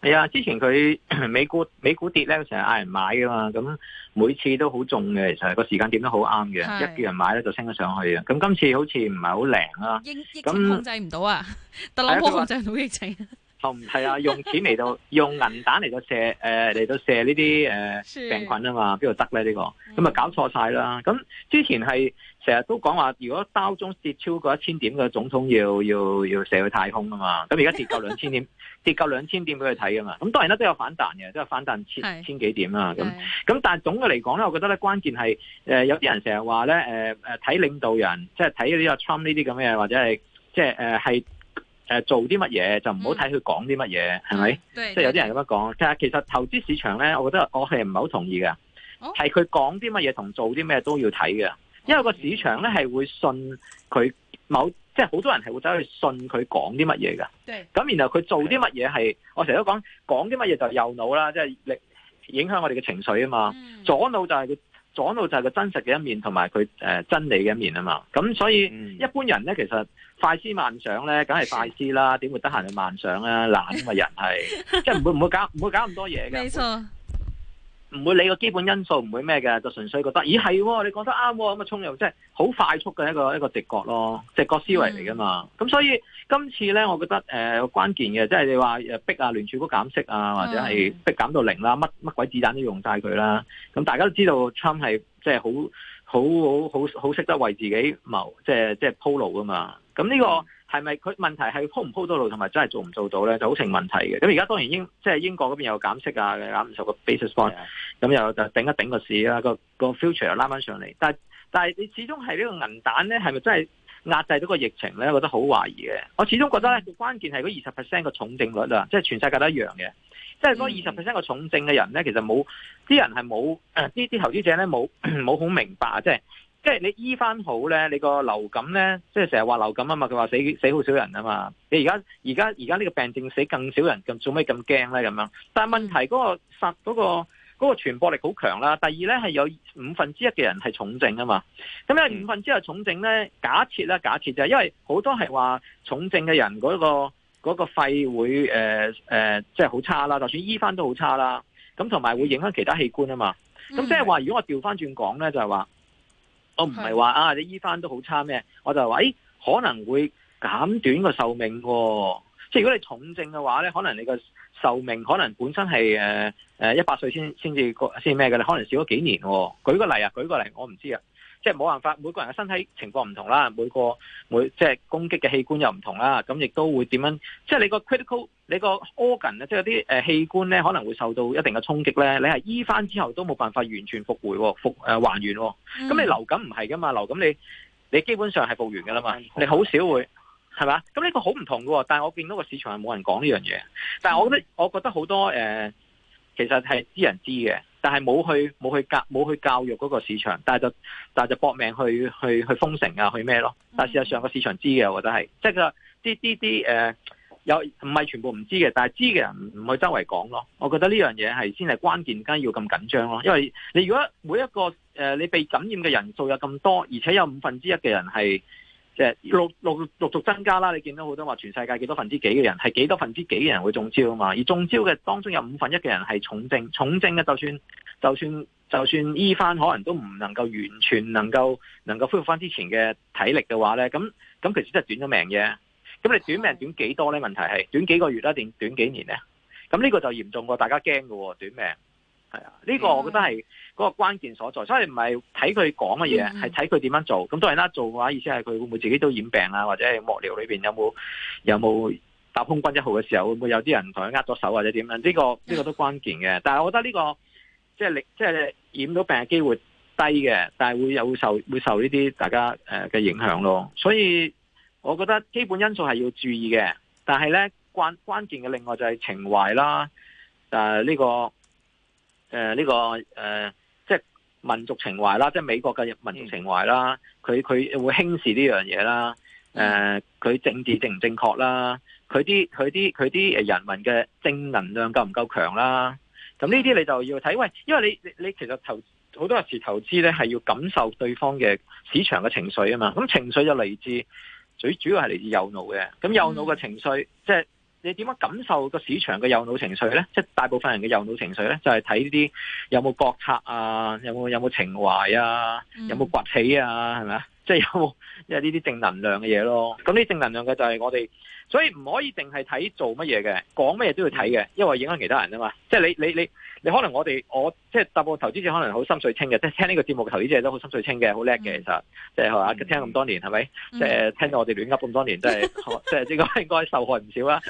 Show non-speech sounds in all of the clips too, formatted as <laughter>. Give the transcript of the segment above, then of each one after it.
係啊，之前佢美股美股跌咧，成日嗌人買噶嘛，咁每次都好重嘅，其實個時間點都好啱嘅，是一叫人買咧就升咗上去啊。咁今次好似唔係好靈啊，咁控制唔到啊，那特朗普控制到疫情、啊，同係、 <laughs> 哦、啊，用錢嚟到， <laughs> 用銀彈嚟到射，誒嚟到射呢啲誒病菌啊嘛，邊度得咧呢、這個？咁啊搞錯晒啦。咁之前係。成日都講話，如果包中跌超過一千點嘅話，總統要要要射去太空啊嘛！咁而家跌夠兩千點， <laughs> 跌夠兩千點俾佢睇啊嘛！咁當然咧都有反彈嘅，都有反彈千是千幾點啊！咁咁但係總嘅嚟講咧，我覺得咧關鍵係誒有啲人成日話咧誒誒睇領導人，即係睇呢個 Trump 呢啲咁嘅，或者係即係誒係誒做啲乜嘢就唔好睇佢講啲乜嘢，係咪？即係有啲人咁樣講。但係其實投資市場咧，我覺得我係唔係好同意嘅，係佢講啲乜嘢同做啲咩都要睇嘅。因為個市場咧係會信佢某，即係好多人係會走去信佢講啲乜嘢噶。咁對然後佢做啲乜嘢係，我成日都講講啲乜嘢就係右腦啦，即係力影響我哋嘅情緒啊嘛。左腦就係佢左腦就係、是、佢真實嘅一面同埋佢誒真理嘅一面啊嘛。咁所以一般人咧其實快思慢想咧，梗係快思啦，點 <laughs> 會得閒去慢想啊？懶啊嘛，人係即係唔會唔 <laughs> 會搞唔會搞咁多嘢㗎。冇錯。唔會理個基本因素，唔會咩嘅，就純粹覺得，咦係，你講得啱，咁啊沖又即係好快速嘅一個一個直覺咯，直覺思維嚟噶嘛。咁、mm. 所以今次咧，我覺得誒、呃、關鍵嘅，即係你話誒逼啊聯儲局減息啊，或者係逼減到零啦，乜乜鬼子彈都用晒佢啦。咁大家都知道，特朗普係即係好好好好好識得為自己謀，即係即係鋪路噶嘛。咁呢、這個。Mm. 係咪佢問題係鋪唔鋪到路同埋真係做唔做到咧就好成問題嘅？咁而家當然英即係、就是、英國嗰邊有減息啊，減唔受個 basis point 咁的又就頂一頂個市啦，那個、那個、future 又拉翻上嚟。但係但你始終係呢個銀彈咧，係咪真係壓制咗個疫情咧？我覺得好懷疑嘅。我始終覺得咧，關鍵係嗰二十 percent 個重症率啊，即、就、係、是、全世界都一樣嘅，即係嗰二十 percent 個重症嘅人咧，其實冇啲人係冇誒，呢啲投資者咧冇冇好明白即係。就是.即係你醫翻好咧，你個流感咧，即係成日話流感啊嘛，佢話死死好少人啊嘛。你而家而家而家呢個病症死更少人，咁做咩咁驚咧？咁樣，但係問題，嗰個殺嗰個嗰個傳播力好強啦。第二咧係有五分之一嘅人係重症啊嘛。咁有五分之一重症咧，假設啦假設就係因為好多係話重症嘅人，嗰個嗰個肺會誒誒，即係好差啦。就算醫翻都好差啦。咁同埋會影響其他器官啊嘛。咁即係話如果我調翻轉講咧，就係話。我唔係話啊，你醫翻都好差咩？我就話，欸，可能會減短個壽命，哦，即係如果你重症嘅話咧，可能你個壽命可能本身係誒誒一百歲先先至先咩嘅咧，可能少咗幾年，哦。舉個例啊，舉個例，我唔知啊，即係冇辦法，每個人嘅身體情況唔同啦，每個每即係攻擊嘅器官又唔同啦，咁亦都會點樣？即係你個 critical。你個 organ 即係啲誒器官咧，可能會受到一定嘅衝擊咧。你係醫翻之後都冇辦法完全復回、哦，復誒、呃、還原、哦。咁、嗯、你流感唔係噶嘛？流感你你基本上係復原噶啦嘛。嗯、你好少會係嘛？咁呢個好唔同喎、哦。但係我見到個市場係冇人講呢樣嘢。嗯、但係我覺得，我覺得好多誒、呃，其實係知人知嘅，但係冇去冇去教冇去教育嗰個市場，但係就但係就搏命去去去封城啊，去咩咯？嗯、但事實上個市場知嘅，我覺得係即係啲啲啲有唔係全部唔知嘅，但係知嘅人唔去周圍講咯。我覺得呢樣嘢係先係關鍵，緊要咁緊張咯。因為你如果每一個誒、呃、你被感染嘅人數有咁多，而且有五分之一嘅人係即係陸陸陸續增加啦。你見到好多話全世界幾多分之幾嘅人係幾多分之幾嘅人會中招啊嘛。而中招嘅當中有五分之一嘅人係重症，重症嘅就算就算就算，就算醫翻，可能都唔能夠完全能夠能夠恢復翻之前嘅體力嘅話咧，咁咁其實真係短咗命嘅。咁你短命短幾多咧？問題係短幾個月啦，定短幾年咧？咁呢個就嚴重過大家驚嘅短命係啊，呢個我覺得係嗰個關鍵所在。所以唔係睇佢講嘅嘢，係睇佢點樣做。咁當然啦，做嘅話意思係佢會唔會自己都染病啊？或者係幕僚裏邊有冇有冇搭空軍一號嘅時候，會唔會有啲人同佢握咗手或者點樣？呢個呢個都關鍵嘅。但係我覺得呢個即係你即係染到病嘅機會低嘅，但係會有受會受呢啲大家誒嘅影響咯。所以。我覺得基本因素係要注意嘅，但係咧關關鍵嘅另外就係情懷啦，誒、呢、呢個誒呢、呃呢個誒、呃，即係民族情懷啦，即係美國嘅民族情懷啦，佢佢、嗯、會輕視呢樣嘢啦，誒、呃、佢政治正唔正確啦，佢啲佢啲佢啲誒人民嘅正能量夠唔夠強啦？咁呢啲你就要睇喂，因為你你你其實投好多時投資咧係要感受對方嘅市場嘅情緒啊嘛，咁情緒就嚟自。最主要係嚟自右腦嘅，咁右腦嘅情緒，即係、嗯、你點樣感受個市場嘅右腦情緒咧？即係大部分人嘅右腦情緒咧，就係睇呢啲有冇國策啊，有冇有冇情懷啊，有冇崛起啊，係咪啊？即係有，有，冇，即係呢啲正能量嘅嘢咯。咁呢啲正能量嘅就係我哋，所以唔可以淨係睇做乜嘢嘅，講乜嘢都要睇嘅，因為影響其他人啊嘛。即係你你你。你你你可能我哋我即係大部分投資者可能好心水清嘅，即、就、係、是、聽呢個節目嘅投資者都好心水清嘅，好叻嘅其實，即係係嘛，聽咁多年係咪？即係、mm hmm. 就是、聽到我哋亂噏咁多年，即係即係呢個應該受害唔少啦。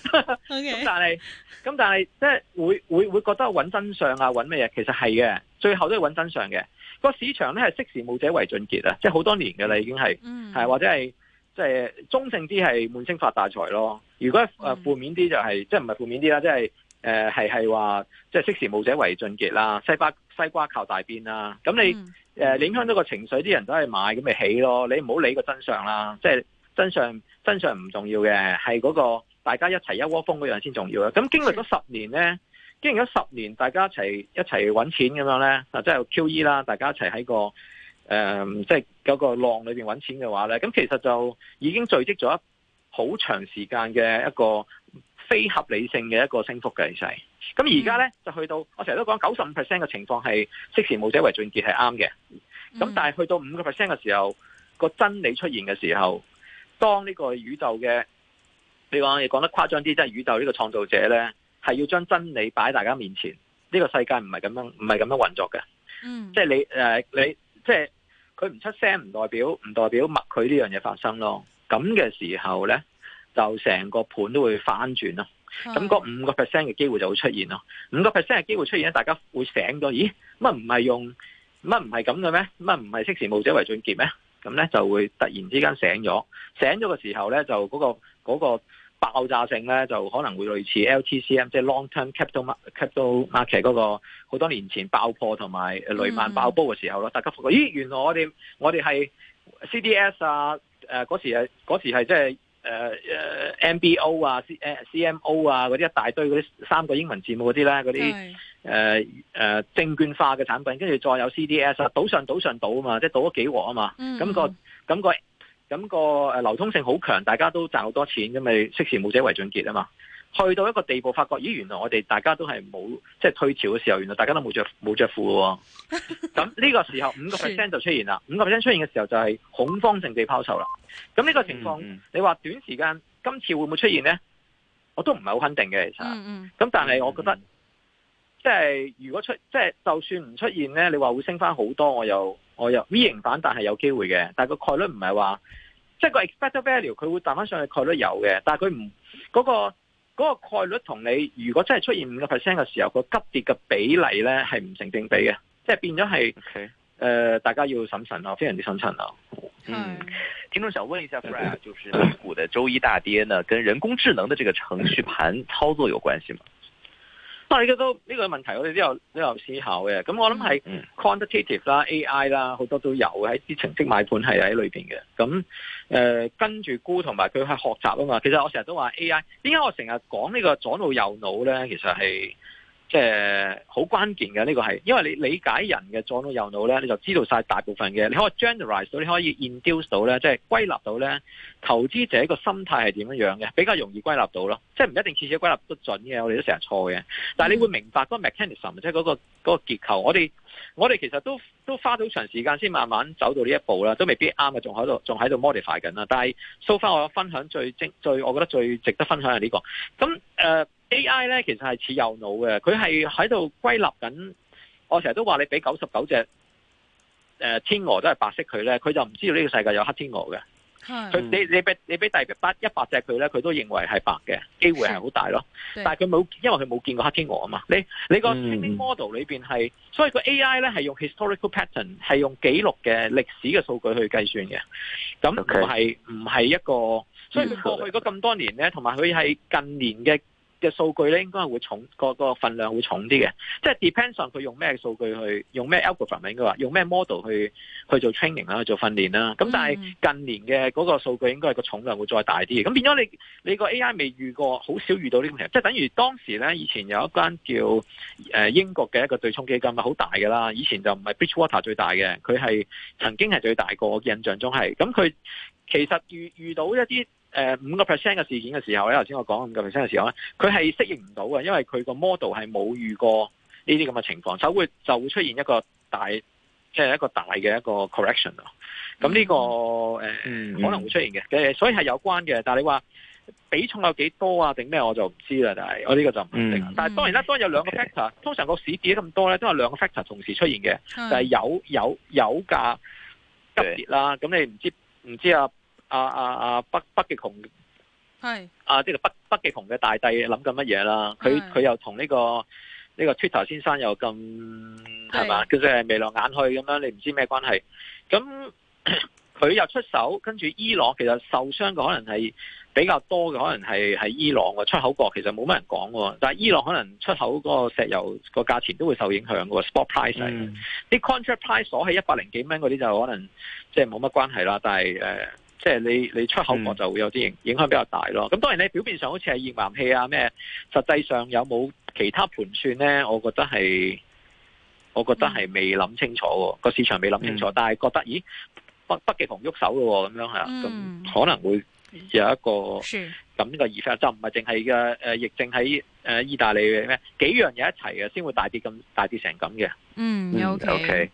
咁 <laughs> Okay. 但係，咁但係即係會會會覺得揾真相啊，揾咩嘢？其實係嘅，最後都係揾真相嘅。那個市場咧係識時務者為俊傑啊，即係好多年噶啦，已經係係、mm hmm. 或者係即係中性啲係滿清發大財咯。如果誒負、呃、面啲就係即係唔係負面啲啦，即係。誒，係係話，即係識時務者為俊傑啦，西瓜西瓜靠大邊啦。咁你誒，嗯呃、你影響到個情緒，啲人都係買，咁咪起咯。你唔好理個真相啦，即係真相，真相唔重要嘅，係嗰個大家一齊一窩蜂嗰樣先重要啊。咁經歷咗十年咧，經歷咗十年，大家一齊一齊搵錢咁樣咧，啊，即係 Q E 啦，大家一齊喺個誒，即係嗰個浪裏邊搵錢嘅話咧，咁其實就已經聚積咗一好長時間嘅一個。非合理性嘅一個升幅嘅走勢，咁而家咧就去到，我成日都講九十五 percent 嘅情況係識時務者為俊傑係啱嘅，咁、嗯、但係去到五個 percent 嘅時候，個真理出現嘅時候，當呢個宇宙嘅，你講你講得誇張啲，即係宇宙呢個創造者咧，係要將真理擺喺大家面前，呢、這個世界唔係咁樣，唔係咁樣運作嘅，即係、嗯、你誒，你即係佢唔出聲，唔代表唔代表默許呢樣嘢發生咯，咁嘅時候咧。就成個盤都會翻轉咯，咁嗰五個 percent 嘅機會就會出現咯。五個 percent 嘅機會出現咧，大家會醒咗，咦？乜唔係用乜唔係咁嘅咩？乜唔係識時務者為俊傑咩？咁咧就會突然之間醒咗，醒咗嘅時候咧就嗰、嗰個嗰、嗰個、爆炸性咧就可能會類似 LTCM 即係 long term capital capital market 嗰個好多年前爆破同埋雷曼爆煲嘅時候咯。嗯、大家覺得咦？原來我哋我哋係 CDS 啊？嗰、啊、時誒嗰時係即係。誒誒、呃、MBO 啊，C CMO 啊，嗰啲、啊、一大堆嗰啲三個英文字母嗰啲咧，嗰啲誒誒，證券化嘅產品，跟住再有 CDS 啊，賭上賭上賭啊嘛，即係賭咗幾鑊啊嘛，咁、嗯那個咁、那個咁、那個誒流通性好強，大家都賺好多錢，咁咪識時務者為俊傑啊嘛。去到一個地步，發覺咦，原來我哋大家都係冇，即係退潮嘅時候，原來大家都冇着冇着褲。咁呢 <laughs> 個時候五個 percent 就出現啦，五個 percent 出現嘅時候就係恐慌性地拋售啦。咁呢個情況，嗯嗯你話短時間今次會唔會出現呢？我都唔係好肯定嘅，其實。咁、嗯嗯、但係我覺得，即、就、係、是、如果出，即、就、係、是、就算唔出現呢，你話會升翻好多，我有我有 V 型反彈，但係有機會嘅。但係個概率唔係話，即、就、係、是、個 expected value 佢會彈翻上去，概率有嘅。但係佢唔嗰個。嗰個概率同你如果真係出現五個 percent 嘅時候，個急跌嘅比例咧係唔成正比嘅，即係變咗係誒，大家要審慎咯。非常之審慎咯！是嗯，聽眾想問一下 Frey 啊， <laughs> 就是 A 股嘅周一大跌呢，跟人工智能嘅這個程序盤操作有關係嗎？但係都呢個問題，我哋都有都有思考嘅。咁我諗係 quantitative 啦、AI 啦，好多都有喺啲程式買盤係喺裏面嘅。咁誒、呃、跟住估同埋佢去學習啊嘛。其實我成日都話 AI，點解我成日講呢個左腦右腦咧？其實係。即係好關鍵嘅呢個係，因為你理解人嘅左腦右腦呢，你就知道晒大部分嘅。你可以 generalize 到，你可以 induce 到呢，即係歸納到呢投資者個心態係點樣樣嘅，比較容易歸納到咯。即係唔一定次次歸納，歸納都準嘅，我哋都成日錯嘅。但係你會明白嗰個 mechanism，即係嗰個嗰個結構。我哋我哋其實都都花咗好長時間先慢慢走到呢一步啦，都未必啱嘅，仲喺度仲喺度 modify 緊啦。但係 so far 我分享最精最，我覺得最值得分享係呢個。咁誒。A.I. 咧其實係似右腦嘅，佢係喺度歸納緊。我成日都話你俾九十九隻誒天鵝都係白色佢咧，佢就唔知道呢個世界有黑天鵝嘅。佢的你你俾你俾大約一百隻佢咧，佢都認為係白嘅，機會係好大咯。是的但係佢冇因為佢冇見過黑天鵝啊嘛。你你個 training model 裏邊係，嗯、所以個 A.I. 咧係用 historical pattern 係用記錄嘅歷史嘅數據去計算嘅，咁唔係唔係一個。Okay. 所以佢過去嗰咁多年咧，同埋佢係近年嘅。嘅數據咧應該係會重，個個份量會重啲嘅，即係 depends on 佢用咩數據，去用咩 algorithm 應該話用咩 model 去去做 training 啦、去做訓練啦。咁但係近年嘅嗰個數據應該係個重量會再大啲。咁變咗你你個 AI 未遇過，好少遇到呢樣嘢。即係等於當時咧，以前有一間叫誒英國嘅一個對沖基金啊，好大㗎啦。以前就唔係 Bridgewater 最大嘅，佢係曾經係最大個。我印象中係咁，佢其實遇遇到一啲。誒五個 percent 嘅事件嘅時候咧，頭先我講五個 percent 嘅時候咧，佢係適應唔到嘅，因為佢個 model 係冇遇過呢啲咁嘅情況，就會就會出現一個大，即、呃、係一個大嘅一個 correction 咯。咁呢、這個、呃嗯嗯、可能會出現嘅，誒所以係有關嘅。但你話比重有幾多啊？定咩我就唔知啦。但係我呢個就唔定、嗯、但係當然啦、嗯，當然有兩個 factor。okay. 通常個市跌咁多咧，都係兩個 factor 同時出現嘅，就係、是、油油油價急跌啦。咁你唔知唔知啊？阿阿阿北北極熊，係阿即係北北極熊嘅大帝諗緊乜嘢啦？佢佢是又同呢、這個呢、這個 Twitter 先生又咁係嘛？佢即係未落眼去眉來眼去咁樣，你唔知咩關係？咁佢又出手，跟住伊朗其實受傷嘅可能係比較多嘅，可能係喺伊朗嘅出口國，其實冇乜人講嘅。但係伊朗可能出口嗰個石油個價錢都會受影響嘅，spot price 啲、嗯、contract price 鎖喺一百零幾蚊嗰啲就可能即係冇乜關係啦。但係誒。呃即係你你出口國就會有啲影響比較大咯。咁、嗯、當然你表面上好似係熱藍器啊咩，實際上有冇其他盤算咧？我覺得係，我覺得係未諗清楚、嗯、個市場未諗清楚，嗯、但係覺得咦北北極熊喐手咯咁、哦、樣吓，咁、嗯、可能會有一個咁個影響，就唔係淨係嘅誒疫係喺誒意大利嘅咩幾樣嘢一齊嘅先會大跌咁大跌成咁嘅。嗯，OK。嗯 okay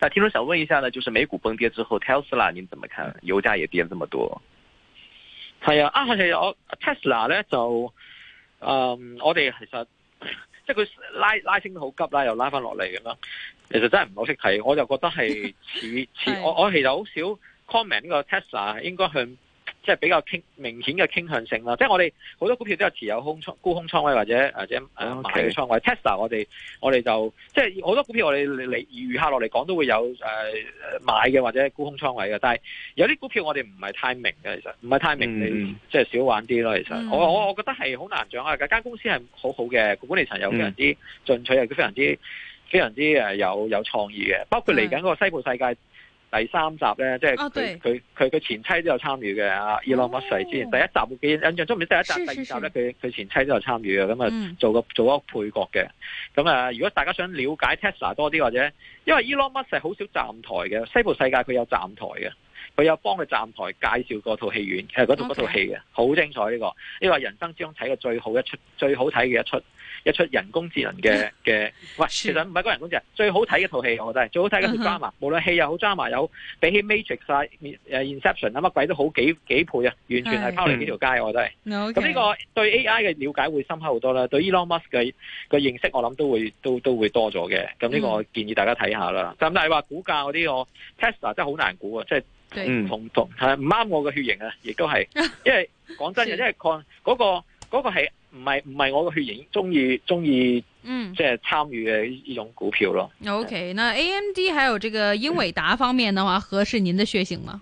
但天聽眾想問一下呢，就是美股崩跌之後，Tesla 您怎麼看？油價也跌咁多。係啊，啊，我 Tesla 咧，就，誒、嗯，我哋其實，即係佢拉拉升得好急啦，又拉翻落嚟咁咯。其實真係唔好識睇，我就覺得係似似， <laughs> 的我我其實好少 comment 呢個 Tesla，應該向。即係比較傾明顯嘅傾向性啦，即係我哋好多股票都有持有空倉、沽空倉位或者或者買嘅倉位。Okay. Tesla 我哋我哋就即係好多股票我哋嚟預客落嚟講都會有誒、呃、買嘅或者沽空倉位嘅，但係有啲股票我哋唔係太明嘅，其實唔係太明，你、mm hmm. 即係少玩啲咯。其實、mm hmm. 我我我覺得係好難掌握嘅。間公司係好好嘅，管理層又非常之進取，佢非常之非常之誒有有創意嘅。包括嚟緊個西部世界。Mm hmm. 第三集咧，即係佢佢佢佢前妻都有參與嘅啊，Elon Musk 先第一集我記印象中，唔咪第一集第二集咧，佢佢前妻都有參與嘅，咁啊做個、嗯、做個配角嘅。咁啊，如果大家想了解 Tesla 多啲或者，因為 Elon Musk 好少站台嘅，西部世界佢有站台嘅。佢有幫佢站台介紹嗰套戲院，係嗰度嗰套戲嘅，好精彩呢、呢個，呢個係人生之中睇過最好一出、最好睇嘅一出，一出人工智能嘅嘅，喂，去其實唔係講人工智能，最好睇嘅套戲，我覺得係最好睇嘅 Drama 無論無論戲又好 Drama 有比起 Matrix 啊、Inception 啊乜 In、啊、鬼都好幾幾倍啊，完全係拋離呢條街，我覺得係。咁呢、uh huh. 個對 AI 嘅了解會深刻好多啦，對 Elon Musk 嘅嘅認識我諗都會都都會多咗嘅。咁呢個我建議大家睇下啦。咁、uh huh. 但係話股價嗰啲我,我 Tesla 真係好難估啊，即、係唔對、嗯、同同係唔啱我嘅血型啊，亦都係，因為 <laughs> 是講真嘅，因為抗嗰個、那個係唔係唔係我嘅血型，中意中意，嗯，即係、就是、參與嘅呢種股票咯。O、okay, K，那 A M D 還有這個英偉達方面嘅話，合適、嗯、您的血型嗎？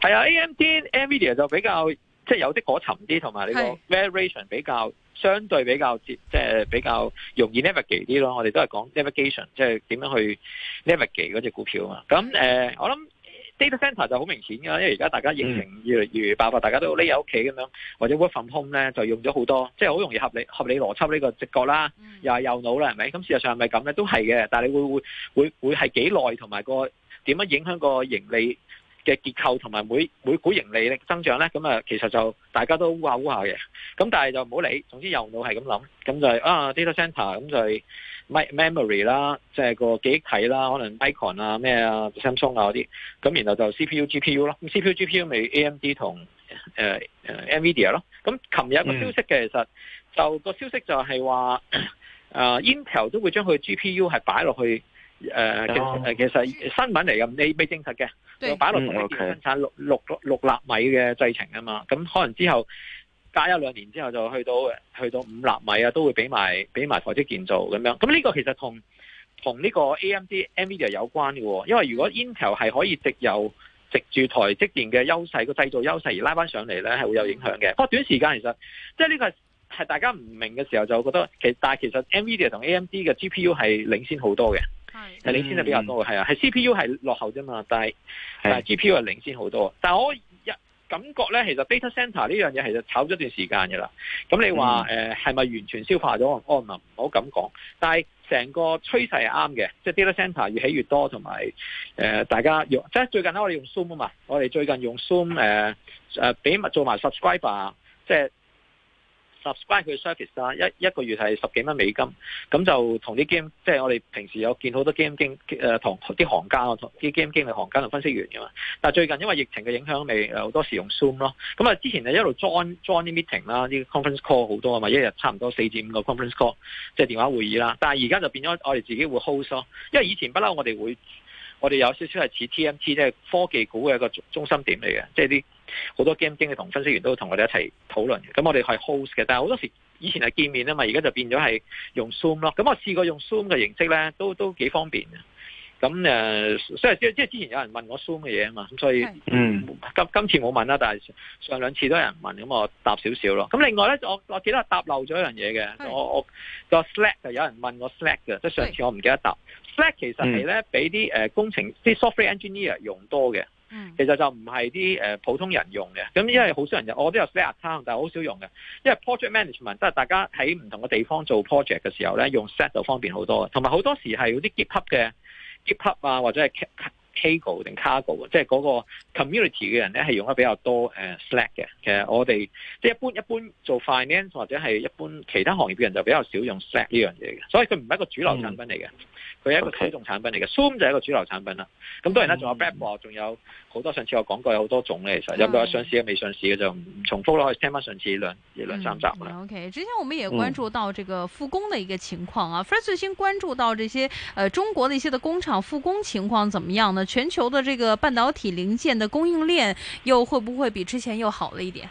係啊，A M D Nvidia 就比較即係、就是、有啲果沉啲，同埋你個 variation 比較是相對比較即係、就是、比較容易 navigate 啲咯。我哋都係講 navigation，即係點樣去 navigate 嗰隻股票啊。咁誒，我、呃、諗。嗯 data center 就好明顯㗎，因為而家大家疫情越嚟越爆發，大家都匿喺屋企咁樣，或者 work from home 咧，就用咗好多，即係好容易合理合理邏輯呢個直覺啦，又係右腦啦，係咪？咁事實上係咪咁咧？都係嘅，但係你會會會會係幾耐同埋個點樣影響個盈利？嘅結構同埋每每股盈利力增長咧，咁啊，其實就大家都烏下烏下嘅，咁但係就唔好理，總之又腦係咁諗，咁就係啊，Data Center 咁就係 memory 啦，即係個記憶體啦，可能 icon 啊咩啊，Samsung 啊嗰啲，咁然後就 CPU、GPU、呃、啦，咁 CPU、GPU 咪 AMD 同 NVIDIA 咯，咁琴日有一個消息嘅，嗯、其實就個消息就係話啊 Intel 都會將佢嘅 GPU 係擺落去。誒，呃、Yeah. 其實其實新聞嚟噶，未被證實嘅，就擺落台積生產六六六納米嘅製程啊嘛，咁可能之後隔一兩年之後就去到去到五納米啊，都會俾埋俾埋台積電做咁樣。咁呢個其實同同呢個 A M D、N V D A 有關嘅，哦，因為如果 Intel 係可以藉由藉住台積電嘅優勢個製造優勢而拉翻上嚟咧，係會有影響嘅。不過短時間其實即係呢個係大家唔明嘅時候就覺得其但係其實 N V D A 同 A M D 嘅 G P U 係領先好多嘅。係領先得比較多嘅，係啊，係 C P U 係落後啫嘛，但係的但係 G P U 係領先好多，但係我感覺咧，其實 data center 呢樣嘢其實炒咗段時間噶啦，咁你話誒係咪完全消化咗，可能我唔好咁講，但係成個趨勢係啱嘅，即係 data center 越起越多，同埋誒大家用即係最近咧我哋用 zoom 啊嘛，我哋最近用 zoom 誒、呃、誒俾埋做埋 subscriber 即係。subscribe 佢嘅 service 啦，一一個月係十幾蚊美金，咁就同啲 game，即係我哋平時有見好多 game 經誒同啲行家啊，同啲 game 經理、行家同分析員嘅嘛。但係最近因為疫情嘅影響，咪好多時用 Zoom 咯。咁啊，之前就一路 jo join join 啲 meeting 啦，啲 conference call 好多啊嘛，一日差唔多四至五個 conference call，即係電話會議啦。但係而家就變咗我哋自己會 host 咯，因為以前不嬲我哋會我哋有少少係似 TMT 即係科技股嘅一個中心點嚟嘅，即係啲，好多 game 經理同分析員都同我哋一齊討論嘅，咁我哋係 host 嘅，但係好多時以前係見面啊嘛，而家就變咗係用 Zoom 咯。咁我試過用 Zoom 嘅形式咧，都都幾方便嘅。咁誒，即係即係之前有人問我 Zoom 嘅嘢啊嘛，咁所以是嗯，今今次冇問啦，但係上兩次都有人問，咁我答少少咯。咁另外咧，我我記得答漏咗一樣嘢嘅，是我我個 Slack 就有人問我 Slack 嘅，即係上次我唔記得答。是 Slack 其實係咧，俾啲誒工程啲 software engineer 用多嘅。嗯、其實就唔係啲誒普通人用嘅，咁因為好少人用，我都有 Slack account，但係好少用嘅，因為 project management 即係大家喺唔同嘅地方做 project 嘅時候咧，用 Slack 就方便好多，同埋好多時係嗰啲 GitHub 嘅 GitHub 啊，或者係 K Kaggle 定 cargo 啊，Car go, 即係嗰個 community 嘅人咧係用得比較多誒、呃、Slack 嘅。其實我哋即係一般一般做 finance 或者係一般其他行業嘅人就比較少用 Slack 呢樣嘢嘅，所以佢唔係一個主流產品嚟嘅，佢係、嗯、一個次眾產品嚟嘅。嗯、Zoom 就係一個主流產品啦。咁、嗯嗯、當然啦，仲有 Blackboard 仲有好多，上次我講過有好多種咧，其實有冇有上市嘅未上市嘅就唔重複啦，可以聽翻上次兩一兩三集啦、嗯嗯。OK，之前我們也關注到這個復工的一個情況啊。Frank 最先關注到這些呃中國的一些的工廠復工情況怎麼樣呢？全球的這個半導體零件的供應鏈又會不會比之前又好了一點？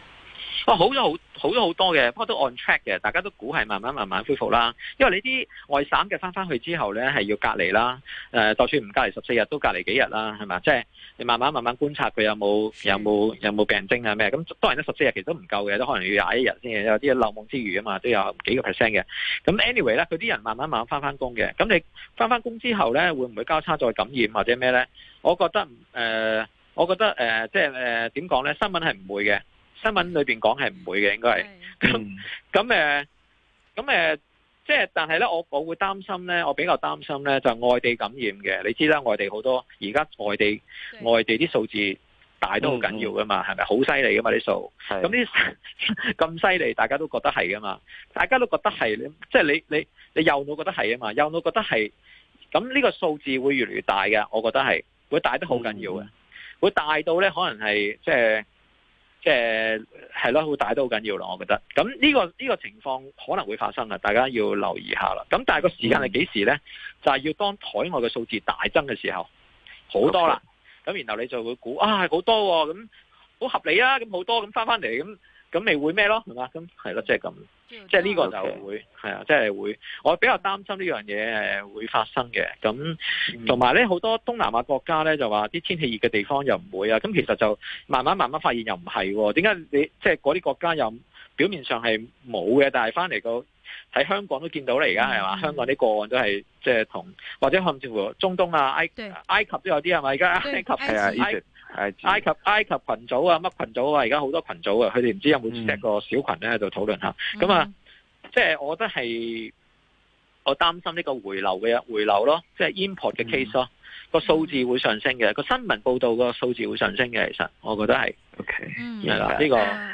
好咗好多嘅，不過都 on track 嘅，大家都估係慢慢慢慢恢復啦。因為呢啲外省嘅翻翻去之後咧，係要隔離啦。誒、呃，就算唔隔離十四日，都隔離幾日啦，係咪？即係你慢慢慢慢觀察佢有冇有冇有冇病徵啊咩？咁當然咧，十四日其實都唔夠嘅，都可能要廿一日先有啲漏網之魚啊嘛，都有幾個 percent 嘅。咁 anyway 咧，佢啲人慢慢慢慢翻翻工嘅。咁你翻翻工之後咧，會唔會交叉再感染或者咩咧？我覺得、呃、我覺得、呃、即係點講咧？新聞係唔會嘅。新聞裏邊講係唔會嘅，應該係咁咁誒咁誒，即係但係咧，我我會擔心咧，我比較擔心咧，就外地感染嘅。你知啦，外地好多而家外地外地啲數字大都好緊要噶嘛，係咪好犀利噶嘛啲數？咁呢咁犀利，大家都覺得係噶嘛，大家都覺得係，即係你你你又會覺得係啊嘛，又會覺得係咁呢個數字會越嚟越大嘅，我覺得係會大得好緊要嘅，會大到咧可能係即係。嘅係咯，好大都好緊要啦，我覺得。咁呢、這個呢、這個情況可能會發生啦，大家要留意下啦。咁但係個時間係幾時呢？嗯、就係要當海外嘅數字大增嘅時候，好多啦。咁 Okay. 然後你就會估、哎、啊，好多咁好合理啊，咁好多咁翻翻嚟咁。咁你會咩咯？係嘛？咁係咯，就是、yeah, 即係咁，即係呢個就會係啊！即係 okay.、就是、會，我比較擔心呢樣嘢誒會發生嘅。咁同埋咧，好、mm. 多東南亞國家咧就話啲天氣熱嘅地方又唔會啊。咁其實就慢慢慢慢發現又唔係喎。點解你即係嗰啲國家又表面上係冇嘅，但係翻嚟到喺香港都見到啦。而家係嘛？香港啲個案都係即係同或者甚至乎中東啊、埃對埃及都有啲係咪？而家埃及係啊，係埃及，埃及群組啊，乜群組啊，而家好多群組啊，佢哋唔知有冇成個小群咧喺度討論下。咁啊，嗯、即係我覺得係我擔心呢個回流嘅回流咯，即係 import 嘅 case 咯，啊，個數、嗯、字會上升嘅，嗯、個新聞報道個數字會上升嘅。其實我覺得係，OK，係啦，呢個。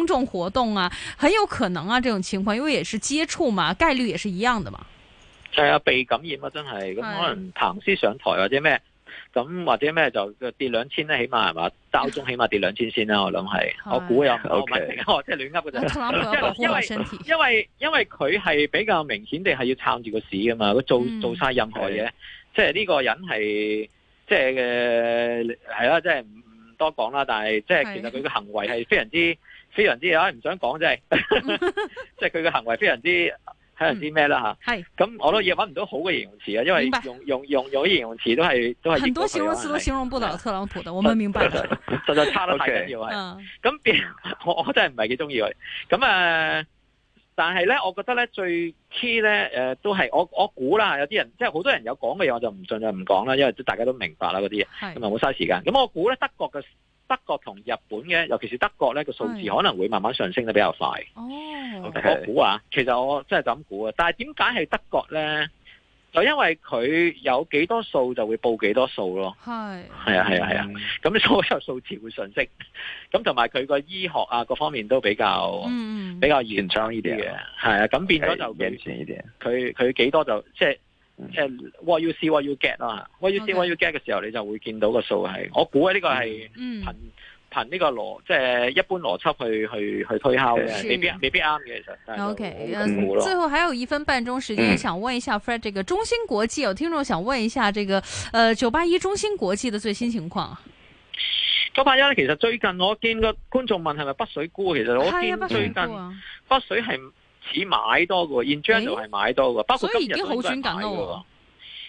公眾活動啊，很有可能啊，這種情況，因為也是接觸嘛，概率也是一樣的嘛。係啊，被感染啊，真係咁的可能彭斯上台或者咩，咁或者咩就跌兩千咧，起碼係嘛，d 中起碼跌兩千先啦，我諗係，的我估又，Okay. 我即係亂噏嘅，即係 <laughs> 因為因為因為佢係比較明顯地係要撐住個市噶嘛，佢做、嗯、做晒任何嘢的，即係呢個人係即係係啦，即係唔多講啦，但係即係其實佢嘅行為係非常之。非常之啊，唔、哎、想講真係，哈哈 <laughs> 即係佢嘅行為非常之睇唔知咩啦吓。係，咁我都亦揾唔到好嘅形容詞啊，因為用、嗯、用用咗形容詞都係都係。很多形容詞都形容不到特朗普的， <laughs> 我們明白。 <laughs> 實在差得太緊要係。咁變，我我真係唔係幾中意佢。咁啊，但係咧，我覺得咧最 key 咧，誒、呃，都係我我估啦，有啲人即係好多人有講嘅嘢，我就唔盡量唔講啦，因為大家都明白啦嗰啲嘢，咁啊好嘥時間。咁我估咧，德國嘅。德國同日本嘅，尤其是德國咧個數字是可能會慢慢上升得比較快。哦，oh, okay. 我估啊，其實我真係咁估啊。但係點解係德國咧？就因為佢有幾多數就會報幾多數咯。係係啊係啊係啊，咁、啊啊 mm hmm. 所有數字會上升，咁同埋佢個醫學啊各方面都比較、mm hmm. 比較前瞻呢啲嘅，係啊，咁變咗就完善呢啲。佢佢 Okay, 幾，幾多就即係。即、uh, what you see, what you get 啦。what you see, what you get 嘅時候，Okay. 你就會見到數 Okay. 個數係。我估啊，呢個係憑憑呢個邏，即、就、係、是、一般邏輯去去去推敲是未，未必未必啱嘅其實。OK，最後還有一分半鐘時間，嗯、想問一下 Fred，這個中芯國際有聽眾想問一下，這個呃九八一中芯國際嘅最新情況。九八一咧，其實最近我見個觀眾問係咪北水沽，其實我見北水係。嗯似買多個 in June 就係買多個，包括今日都係買嘅。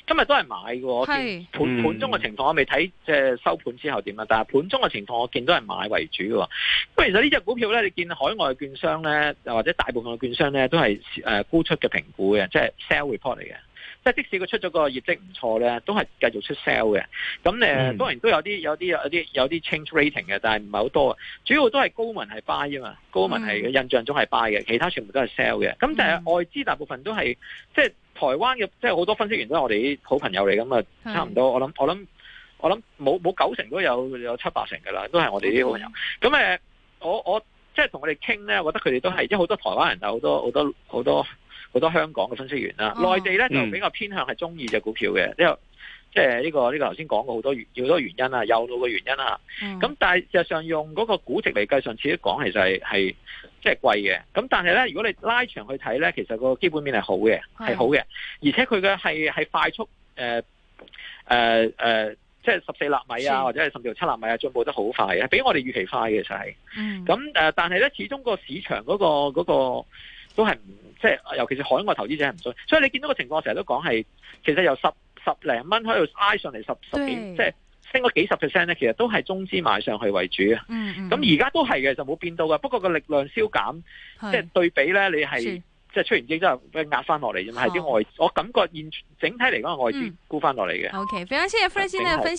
今日都係買嘅，盤盤是中嘅情況我未睇，即係收盤之後點啊？但係盤中嘅情況我見都係買為主嘅。不過其實呢隻股票咧，你見海外的券商咧，或者大部分嘅券商咧都係誒沽出嘅評估嘅，即係 sell report 嚟嘅。即係即使佢出咗個業績唔錯咧，都係繼續出 sell 嘅。咁誒、嗯、當然都有啲有啲有啲有啲 change rating 嘅，但係唔係好多。主要都係高文係 buy 啊嘛，嗯、高文係印象中係 buy 嘅，其他全部都係 sell 嘅。咁但係外資大部分都係、嗯、即係台灣嘅，即係好多分析員都係我哋啲好朋友嚟咁嘛，差唔多。是我諗我諗我諗冇冇九成都有有七八成嘅啦，都係我哋啲好朋友。咁我我即係同佢哋傾咧，我，我呢覺得佢哋都係，嗯、即係好多台灣人但好多好多好多。好多香港嘅分析員啦，哦嗯、內地咧就比較偏向係中意隻股票嘅，因為即係呢個呢、呢個頭先講過好多原好多原因啦，有路嘅原因啦。咁、嗯、但係事實際上用嗰個估值嚟計，上次啲講其實係係即係貴嘅。咁但係咧，如果你拉長去睇咧，其實個基本面係好嘅，係是好嘅，而且佢嘅係係快速誒誒誒，即係十四納米啊，是或者係甚至乎七納米啊，進步得好快啊，比我哋預期快嘅其就係、是。咁誒、嗯，但係咧，始終個市場嗰個嗰個。那個都係唔即係，尤其是海外投資者係唔信，所以你見到個情況，成日都講係其實由十十零蚊喺度挨上嚟十對十幾，即係升咗幾十 percent 咧，其實都係中資買上去為主，咁而家都係嘅，就冇變到嘅。不過個力量消減，是即係對比咧，你係是即係出現應急，即係壓翻落嚟，係啲外，我感覺現整體嚟講係外資沽翻落嚟嘅。O K，俾啱先一分先咧分析。